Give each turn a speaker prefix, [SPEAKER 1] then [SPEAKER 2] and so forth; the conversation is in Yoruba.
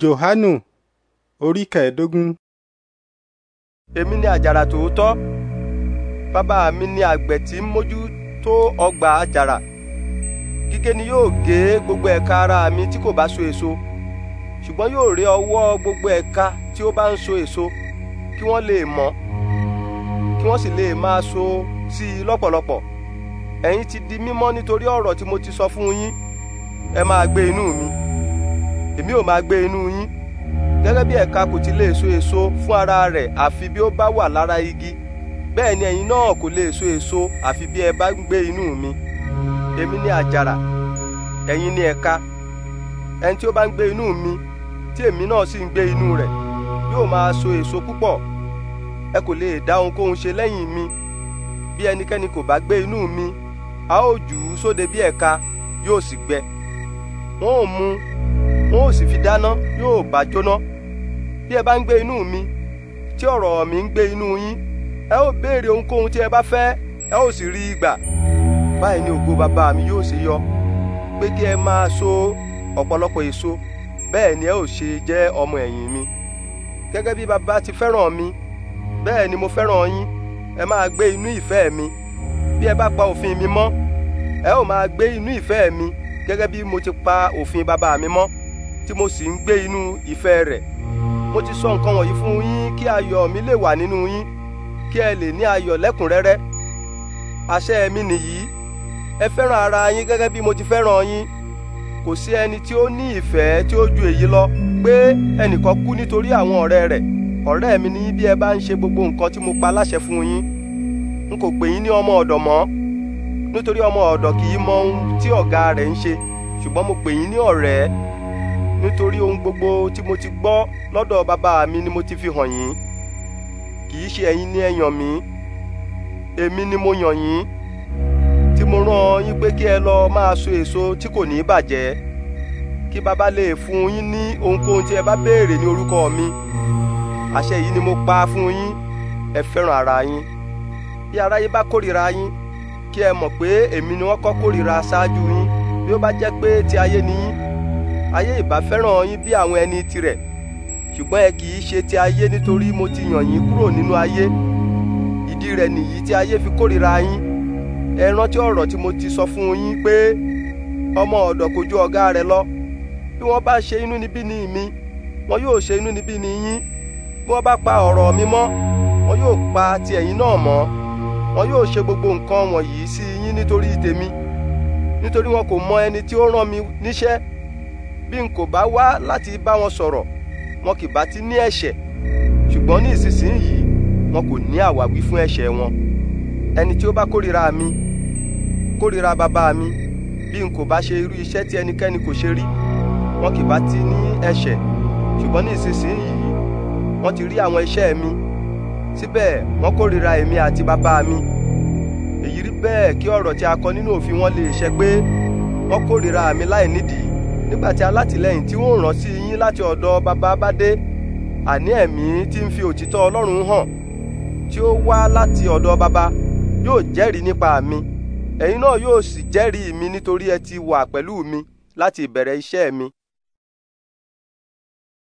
[SPEAKER 1] johanu orí kẹẹ̀ẹ́dógún. èmi ni àjàrà tòótọ́ bàbá mi ni àgbẹ̀ tí ń mójú tó ọgbà àjàrà gígé ni yóò gé gbogbo ẹ̀ka ara mi tí kò bá so èso ṣùgbọ́n yóò ré ọwọ́ gbogbo ẹ̀ka tí ó bá ń so èso kí wọ́n lè mọ̀ kí wọ́n sì lè máa so sí i lọ́pọ̀lọpọ̀ ẹ̀yin ti di mímọ́ nítorí ọ̀rọ̀ tí mo ti sọ fún yín ẹ máa gbé inú mi èmi ò máa gbé inú yín gẹ́gẹ́ bí ẹ̀ka kò ti lè so èso fún ara rẹ̀ àfi bí ó bá wà lára igi bẹ́ẹ̀ ni ẹ̀yin náà kò lè so èso àfi bí ẹ bá ń gbé inú mi èmi ni àjàrà ẹ̀yin ni ẹ̀ka ẹni tí ó bá ń gbé inú mi tí èmi náà sì ń gbé inú rẹ̀ yóò máa so èso púpọ̀ ẹ kò lè dá ohunkóhun ṣe lẹ́yìn mi bí ẹnikẹ́ni kò bá gbé inú mi a ó jù ú sóde bí ẹ̀ka yóò sì gbẹ wọn ò mú wọn ò sì fi dáná yóò bá jóná bí ẹ bá ń gbé inú mi tí ọ̀rọ̀ mi ń gbé inú yín ẹ ó béèrè ohunkóhun tí ẹ bá fẹ́ ẹ ó sì rí i gbà báyìí ni ògo bàbá mi yóò ṣe yọ pé kí ẹ máa so ọ̀pọ̀lọpọ̀ èso bẹ́ẹ̀ ni ẹ ó ṣe jẹ́ ọmọ ẹ̀yìn mi gẹ́gẹ́ bí bàbá ti fẹ́ràn mi bẹ́ẹ̀ ni mo fẹ́ràn yín ẹ máa gbé inú ìfẹ́ mi bí ẹ bá pa òfin mi mọ́ ẹ ó máa gbé inú ìfẹ́ mi gẹ́gẹ́ bí mo ti pa òfin bàbá mi mọ́ tí mo sì ń gbé inú ìfẹ́ rẹ̀ mo ti sọ nǹkan wọ̀nyí fún yín kí ayọ̀ mi lè wà nínú yín kí ẹ lè ní ayọ̀ lẹ́kùnrẹ́rẹ́ àṣẹ mi nìyí ẹ fẹ́ràn ara yín gẹ́gẹ́ bí mo ti fẹ́ràn yín kò sí ẹni tí ó ní ìfẹ́ tí ó ju èyí lọ pé ẹnìkan kú nítorí àwọn ọ̀rẹ́ rẹ̀ ọ̀rẹ́ mi ní bí ẹ bá ń ṣe gbogbo nǹkan tí mo pa láṣẹ fún yín n kò pè yín ní ọmọ ọ̀dọ̀ mọ́ nítorí ọmọ ọ̀dọ̀ kì í mọ ohun tí ọ̀gá rẹ̀ ń ṣe ṣùgbọ́n mo pè yín ní ọ̀rẹ́ nítorí ohun gbogbo tí mo ti gbọ́ lọ́dọ̀ bàbá mi ni mo ti fi hàn yín kì í ṣe ẹ̀yin ni ẹ yàn mí èmi ni mo yàn yín tí mo rán yín pé kí ẹ lọ máa so èso tí kò ní bàjẹ́ kí bàbá lè fún yín ní ohunkóhun tí ẹ bá béèrè ní orúkọ mi àṣẹ yìí ni mo pa fún yín ẹ fẹ́ràn ara yín bí aráyé bá kórìíra yín kí ẹ mọ̀ pé èmi ni wọ́n kọ́ kórìíra ṣáájú yín bí ó bá jẹ́ pé ti ayé ni yín ayé ìbá fẹ́ràn yín bí àwọn ẹni tirẹ̀ ṣùgbọ́n ẹ kì í ṣe ti ayé nítorí mo ti yàn yín kúrò nínú ayé ìdí rẹ̀ nìyí tí ayé fi kórìíra yín ẹ rántí ọ̀rọ̀ tí mo ti sọ fún yín pé ọmọ ọ̀dọ̀ kò ju ọ̀gá rẹ̀ lọ bí wọ́n bá ṣe inúnibíni mi wọn yóò ṣe inúnibíni yín bí wọ́n bá pa ọ̀rọ̀ mi mọ́ wọn yóò pa ti ẹ̀yin náà mọ́ wọn yóò ṣe gbogbo nǹkan wọ̀nyí sí yín nítorí tèmi nítorí wọn kò mọ ẹni tí ó rán mi níṣẹ́ bí n kò bá wá láti bá wọn sọ̀rọ̀ wọn kì bá ti ní ẹ̀ṣẹ̀ ṣùgbọ́n ní ìsinsìnyí wọn kò ní àwáwí fún ẹ̀ṣẹ̀ wọn ẹni tí ó bá kórìíra mi kórìíra bàbá mi bí n kò bá ṣe irú iṣẹ́ tí ẹnikẹ́ni kò ṣe rí wọn kì bá ti ní ẹ̀ṣẹ̀ ṣùgbọ́n ní ìsinsìnyí wọn ti rí àwọn iṣẹ́ mi síbẹ̀ wọn kórìíra èmi àti bàbá mi èyí rí bẹ́ẹ̀ kí ọ̀rọ̀ tí a kọ nínú òfin wọn lè ṣẹ pé wọn kórìíra mi láì nídìí nígbà tí alátìlẹ́yìn tí wọ́n rán sí yín láti ọ̀dọ̀ bàbá bá dé àní ẹ̀mí tí ń fi òtítọ́ ọlọ́run hàn tí ó wá láti ọ̀dọ̀ bàbá yóò jẹ́rìí nípa mi ẹ̀yin náà yóò sì jẹ́rìí mi nítorí ẹ ti wà pẹ̀lú mi láti ìbẹ̀rẹ̀ iṣẹ́ mi